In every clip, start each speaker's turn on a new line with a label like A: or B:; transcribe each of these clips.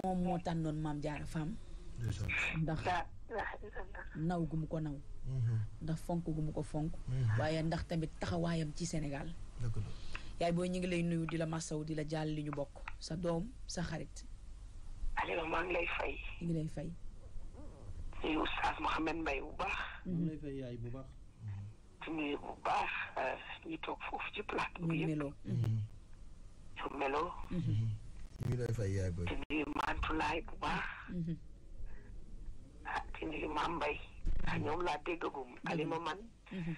A: moom moo tànnoon maam jaara faam ndax naw gu mu ko naw mhm. ndax fonk gu mu ko fonk mhm. waaye ndax tamit taxawaayam ci Sénégal yaay booy ñu ngi lay nuyu di la masaw di la jàll li ñu bokk sa doom sa xarit Aliou maa ngi lay fay ñu ngi lay fay bu baax mhm. ngi euh, toog foofu ci plateau bi yëpp meloo meloo ñu lay fay yaay booy. di bu baax. ah di maam Mbaye. ndax ñoom laa déggagum Alima man. Mm-hmm.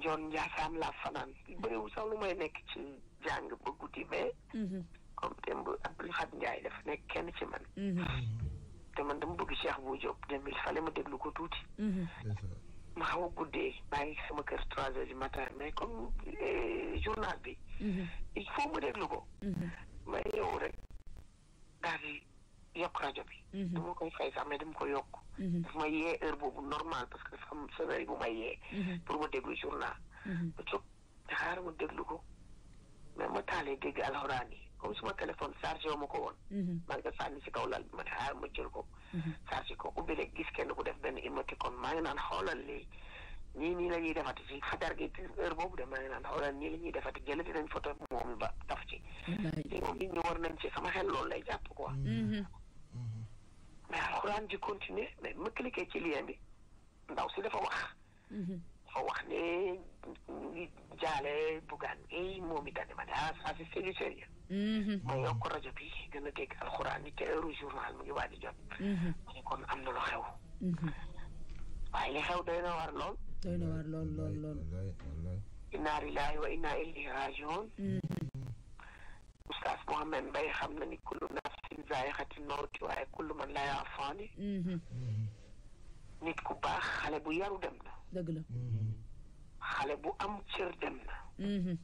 A: John Ndiassane laa fanaan bëriwul sax lu may nekk ci jàng ba guddi mais. comme démb nekk kenn ci man. Mm-hmm. te man bëgg Cheikh bu Diop dem il fallait ma déglu ko tuuti. Mm-hmm. ma xaw a guddee maa ngi sama kër trois heures du matin mais comme eh, journal bi. il faut ma déglu ko. may ñëw rek daal di yokk rajo bi. Mhm. dama koy fay sax mais dama ko yokk. Mhm. daf yee heure boobu normal parce que dafa am yee. Mhm. pour ma déglu journal. ma jóg xaar ma déglu ko mais ma ko woon. maa ngi sànni si kaw lal bi ma xaar ma jël ko. chargé ko ubbi rek gis kenn ku def benn émoticône maa ngi naan xoolal lii. ñii nii la ñuy defati fii fajar gi heure boobu de maa ngi naan xoolal nii la ñuy defati jëlati nañ photo moom ba taf ci. li moom nit ñi war nañ ci sama xel loolu lay jàpp quoi. Mm-hmm. Mm-hmm. mais alxuraan ji continuer mais ma cliqué ci lien bi ndaw si dafa wax. Mm-hmm. dafa wax ne jaale bugaan gi moom itamit ma ne ah ça c'est du sérieux. ma yokk rajo bi gën a dégg alxuraan yi journal mu ngi waaj a jot. ma kon am na lu xew. waaye li xew doy na war lool. doy na war lool lool lool. inna lillahi wa inna ilayhi rajiun. oustaz Mohamed Mbaye xam na ni kullu nafsin zaa'iqatul mawti waaye kullu man layaa faani mhm. nit ku baax xale bu yaru dem na la xale bu am cër dem na mhm.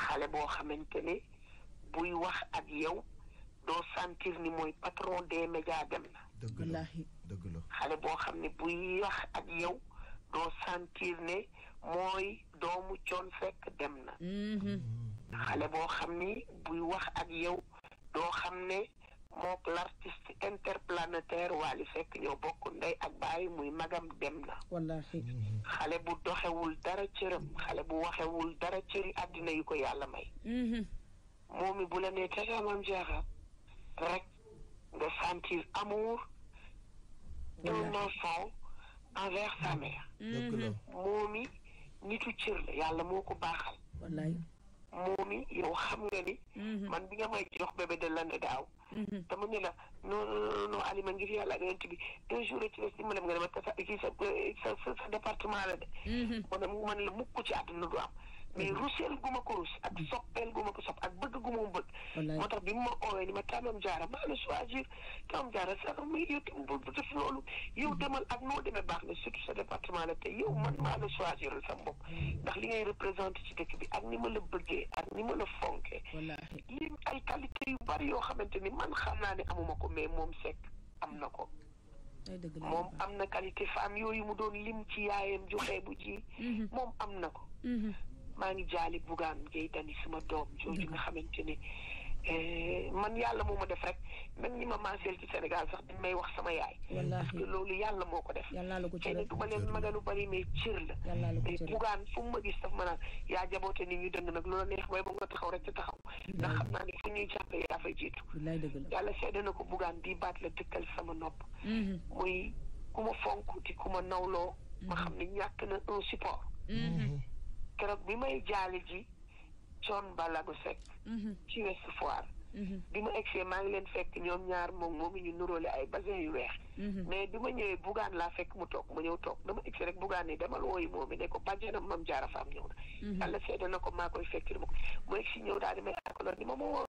A: xale boo xamante ni buy wax ak yow doo sentir ni mooy patron des médias dëgg la xale boo xam ne buy wax ak yow doo doomu coon fekk dem na mhm. xale boo xam ni buy wax ak yow doo xam ne mook l'artiste interplanétaire Wally Seck ñoo bokk ndey ak baay muy magam dem na wallaahi xale bu doxewul dara cëram xale bu waxewul dara cëri àddina yu ko yàlla may mhm. moom mi bu la nee tegamam jaaxal rek nga sentir amour d'un enfant envers sa mi mhm. nitu cër la yàlla moo ko baaxal moomi yow xam nga ni. Mhm. man bi nga may jox bébé de l'année daaw. Mhm. a ne la non non non Alima ngir yàlla yonent bi deux jours ci des ma dem nga dama tasa kii sa sa sa département la de. Mhm. ma ne man la mukk ci àdduna du am. mais ruseel gu ko rus ak soppeel gu ma ko sopp ak bëgg gu moo tax bi mu ma oowee ni ma Tamaam Diarra maa la choisir Tamaam Diarra sax muy yow tam bu def loolu yow demal ak noo demee baax na surtout sa département la te yow man maa la choisir sa ndax li ngay représenté ci bi ak ni ma la bëggee ma la fonkee li ay qualité yu bari yoo xamante ni man xam naa ne amuma ko mais moom Seck am na ko moom am na qualité femme yooyu mu doon lim ci yaayam ju xeebu ji mhm. moom am na ko mhm. maa ngi jaali bugaan ngay dani ma doom jooju nga xamante ne Eh, man yàlla moo ma def rek même ni ma maaseel ci Sénégal sax dañ may wax sama yaay. parce que loolu yàlla moo ko def. yàllaa la ko cër du ma leen magalu bari mais cër la. yàllaa la ko cër bugaan fu mu ma gis daf ma naan yaa jaboote nit ñu dëng nag loola neex mooy ba nga taxaw rek te taxaw. ndax xam naa ne fu ñuy jàppee yaa fay jiitu. na ko bugaan bii baat la dëkkal sama nopp. Mm-hmm. muy ku ma fonk di ku ma nawloo. ma mm-hmm. xam ne ñàkk na un support. Mm-hmm. keroog bi may jaale ji. son Ballago Seck mhm. ci Ouest Foire mhm. bi ma egsee maa ngi leen fekk ñoom ñaar moom moom ñu nuróole ay basin yu weex mhm. mais bi ma ñëwee bugaan laa fekk mu toog ma ñëw toog dama egsee rek bugaan ni demal wooyu moom mi ne ko bàjjenam mam jaara ñëw na yàlla seede na ko maa koy fekk ko mu egsi ñëw daal di ma ma woo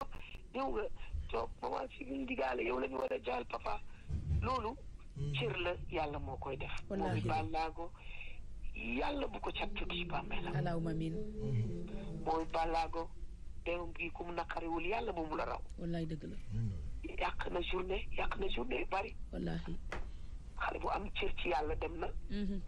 A: ñëw nga toog ma waa si ñu digaale yow la ñu war a jaal papa loolu cër la yàlla moo koy def moom i ballaago yàlla bu ko cat ci bàmmeelam allahumma amiin mooy bàllaago deewam gi ku mu naqariwul yàlla moom mu la raw wallaay dëgg la yàq na journée yàq na journée bari wallaahi xale bu am cër ci yàlla dem na mhm.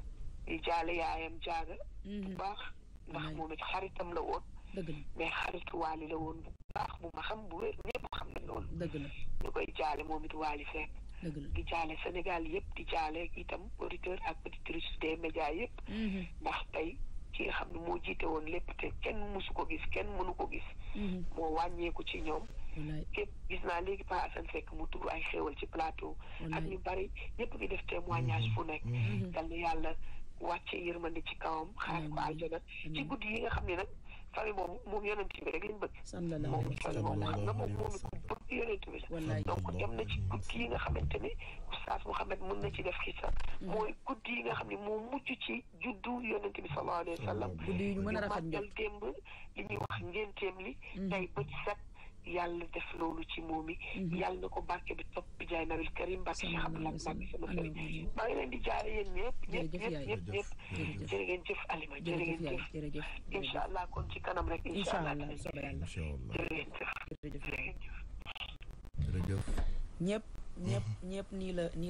A: di jaale yaayam jaaga bu mhm. baax ndax moom it xaritam la woon dëgg la mais xarit waali la woon bu baax bu ma xam bu wér ñëpp xam na loolu dëgg la ñu koy jaale moom it waali fekk di jaale Sénégal yëpp di jaale itam auditeur ak auditrice des médias yëpp. Mhm. ndax tey ki nga xam ne moo jiite woon lépp te kenn mësu ko gis kenn mënu ko gis. Mhm. moo wàññeeku ci ñoom. képp gis naa léegi Pa Assane Seck mu tudd ay xéewal ci plateau. ak ñu bari ñëpp ngi def témoignage mhm. fu nekk. dal na yàlla wàcce yërmande ci kawam. xaar ko aljana ci guddi yi nga xam ni nag. famille boobu moom yonent bi rek lañ bëgg moom famille boobu xam nga moom moom ku bëgg yonent bi la donc dem na ci guddi yi nga xamante ne oustaz Mouhamed mën na ci def xisa mm. mooy guddi yi nga xam ne moo mujj ci juddu yonent bi sallallahu alayhi wa sallam ñu màggal démb li ñuy wax ngénteem li mm. tey bët set yàlla def loolu ci moom i mhm. yàlla na ko barke bi topp bi jaay nabil karim barke Cheikh Abdoulaye Mbacke sama sëriñ maa ngi leen di jaare yéen ñëpp ñëpp ñëpp ñëpp ñëpp jërë allah kon ci kanam rek incha allah jërë ngeen jëf jërëjëf ñëpp ñëpp mhm. nii la nii